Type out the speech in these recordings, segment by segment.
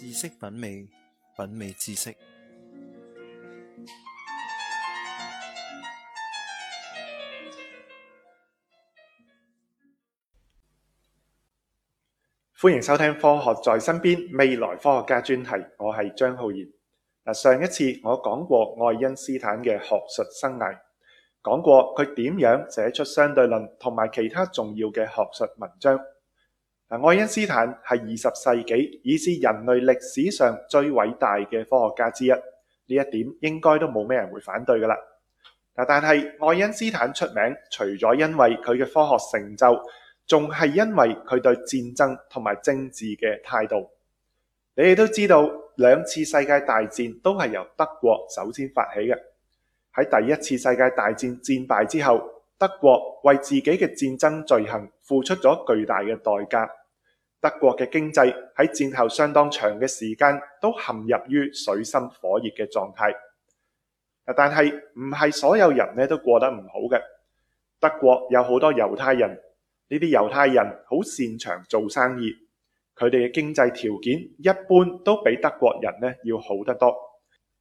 知識品味，品味知識。歡迎收聽《科學在身邊》未來科學家專題，我係張浩然。嗱，上一次我講過愛因斯坦嘅學術生涯，講過佢點樣寫出相對論同埋其他重要嘅學術文章。啊，愛因斯坦係二十世紀已是人類歷史上最偉大嘅科學家之一，呢一點應該都冇咩人會反對噶啦。嗱，但係愛因斯坦出名除咗因為佢嘅科學成就，仲係因為佢對戰爭同埋政治嘅態度。你哋都知道，兩次世界大戰都係由德國首先發起嘅。喺第一次世界大戰戰敗之後，德國為自己嘅戰爭罪行付出咗巨大嘅代價，德國嘅經濟喺戰後相當長嘅時間都陷入於水深火熱嘅狀態。啊，但係唔係所有人咧都過得唔好嘅，德國有好多猶太人，呢啲猶太人好擅長做生意，佢哋嘅經濟條件一般都比德國人咧要好得多。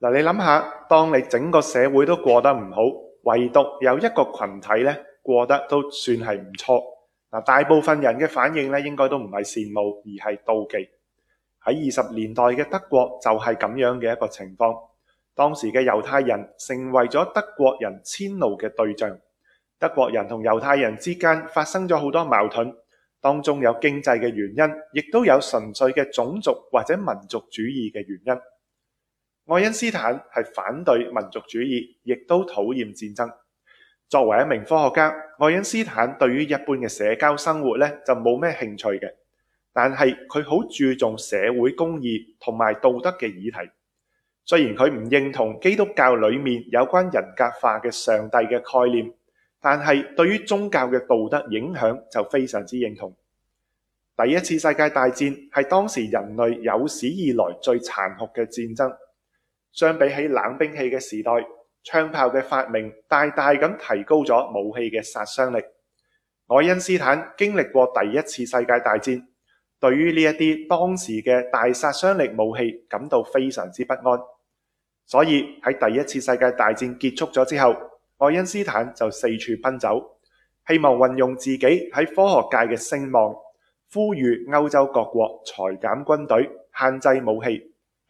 嗱，你諗下，當你整個社會都過得唔好。唯獨有一個羣體咧過得都算係唔錯。嗱，大部分人嘅反應咧應該都唔係羨慕，而係妒忌。喺二十年代嘅德國就係咁樣嘅一個情況。當時嘅猶太人成為咗德國人遷怒嘅對象，德國人同猶太人之間發生咗好多矛盾，當中有經濟嘅原因，亦都有純粹嘅種族或者民族主義嘅原因。愛因斯坦係反對民族主義，亦都討厭戰爭。作為一名科學家，愛因斯坦對於一般嘅社交生活咧就冇咩興趣嘅，但係佢好注重社會公義同埋道德嘅議題。雖然佢唔認同基督教裏面有關人格化嘅上帝嘅概念，但係對於宗教嘅道德影響就非常之認同。第一次世界大戰係當時人類有史以來最殘酷嘅戰爭。相比起冷兵器嘅時代，槍炮嘅發明大大咁提高咗武器嘅殺傷力。愛因斯坦經歷過第一次世界大戰，對於呢一啲當時嘅大殺傷力武器感到非常之不安，所以喺第一次世界大戰結束咗之後，愛因斯坦就四處奔走，希望運用自己喺科學界嘅聲望，呼籲歐洲各國裁減軍隊、限制武器。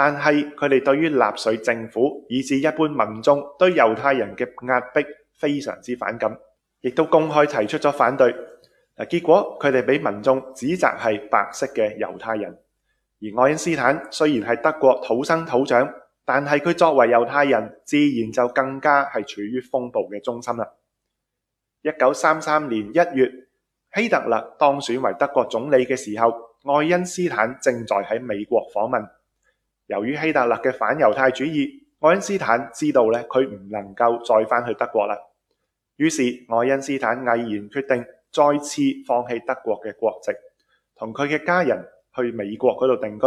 但係佢哋對於納粹政府以至一般民眾對猶太人嘅壓迫非常之反感，亦都公開提出咗反對。嗱，結果佢哋俾民眾指責係白色嘅猶太人。而愛因斯坦雖然係德國土生土長，但係佢作為猶太人，自然就更加係處於風暴嘅中心啦。一九三三年一月，希特勒當選為德國總理嘅時候，愛因斯坦正在喺美國訪問。由於希特勒嘅反猶太主義，愛因斯坦知道咧，佢唔能夠再返去德國啦。於是愛因斯坦毅然決定再次放棄德國嘅國籍，同佢嘅家人去美國嗰度定居。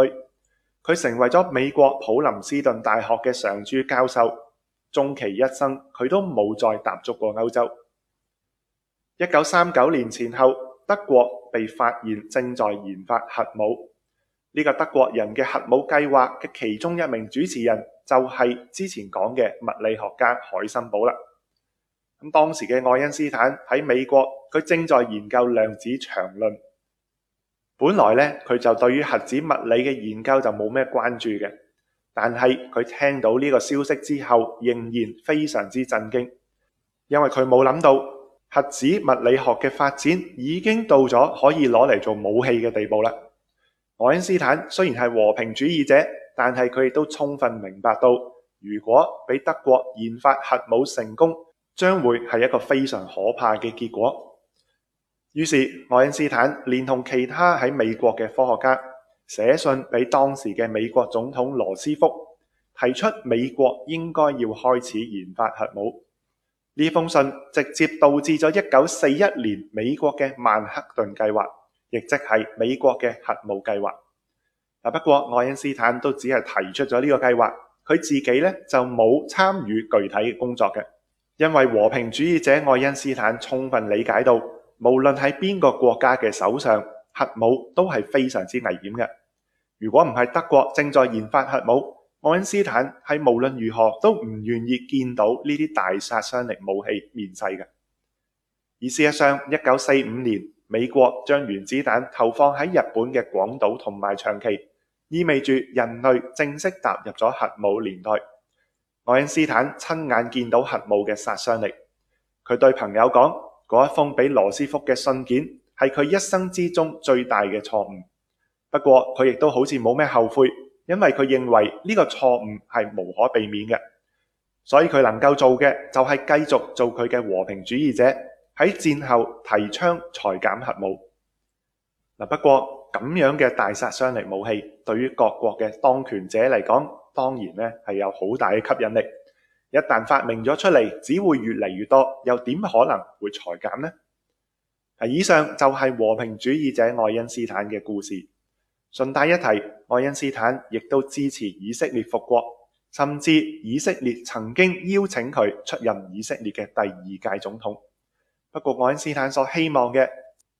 佢成為咗美國普林斯頓大學嘅常駐教授，終其一生，佢都冇再踏足過歐洲。一九三九年前後，德國被發現正在研發核武。呢個德國人嘅核武計劃嘅其中一名主持人就係之前講嘅物理學家海森堡啦。咁當時嘅愛因斯坦喺美國，佢正在研究量子場論。本來呢，佢就對於核子物理嘅研究就冇咩關注嘅，但係佢聽到呢個消息之後，仍然非常之震驚，因為佢冇諗到核子物理學嘅發展已經到咗可以攞嚟做武器嘅地步啦。愛因斯坦雖然係和平主義者，但係佢亦都充分明白到，如果俾德國研發核武成功，將會係一個非常可怕嘅結果。於是，愛因斯坦連同其他喺美國嘅科學家寫信俾當時嘅美國總統羅斯福，提出美國應該要開始研發核武。呢封信直接導致咗一九四一年美國嘅曼克頓計劃。亦即係美國嘅核武計劃。不過愛因斯坦都只係提出咗呢個計劃，佢自己咧就冇參與具體嘅工作嘅，因為和平主義者愛因斯坦充分理解到，無論喺邊個國家嘅手上，核武都係非常之危險嘅。如果唔係德國正在研發核武，愛因斯坦係無論如何都唔願意見到呢啲大殺傷力武器面世嘅。而事實上，一九四五年，美國將原子彈投放喺日本嘅廣島同埋長崎，意味住人類正式踏入咗核武年代。愛因斯坦親眼見到核武嘅殺傷力，佢對朋友講：嗰一封俾羅斯福嘅信件係佢一生之中最大嘅錯誤。不過佢亦都好似冇咩後悔，因為佢認為呢個錯誤係無可避免嘅，所以佢能夠做嘅就係繼續做佢嘅和平主義者。喺戰後提倡裁減核武嗱，不過咁樣嘅大殺傷力武器，對於各國嘅當權者嚟講，當然咧係有好大嘅吸引力。一旦發明咗出嚟，只會越嚟越多，又點可能會裁減呢？以上就係和平主義者愛因斯坦嘅故事。順帶一提，愛因斯坦亦都支持以色列復國，甚至以色列曾經邀請佢出任以色列嘅第二屆總統。不過愛因斯坦所希望嘅，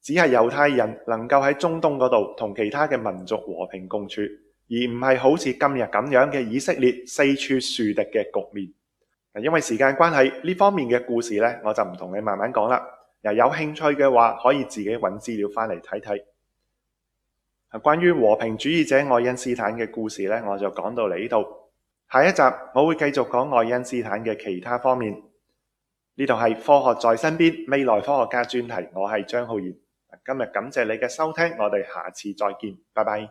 只係猶太人能夠喺中東嗰度同其他嘅民族和平共處，而唔係好似今日咁樣嘅以色列四處樹敵嘅局面。嗱，因為時間關係，呢方面嘅故事咧，我就唔同你慢慢講啦。嗱，有興趣嘅話，可以自己揾資料翻嚟睇睇。啊，關於和平主義者愛因斯坦嘅故事咧，我就講到嚟呢度。下一集我會繼續講愛因斯坦嘅其他方面。呢度係科學在身邊未來科學家專題，我係張浩然。今日感謝你嘅收聽，我哋下次再見，拜拜。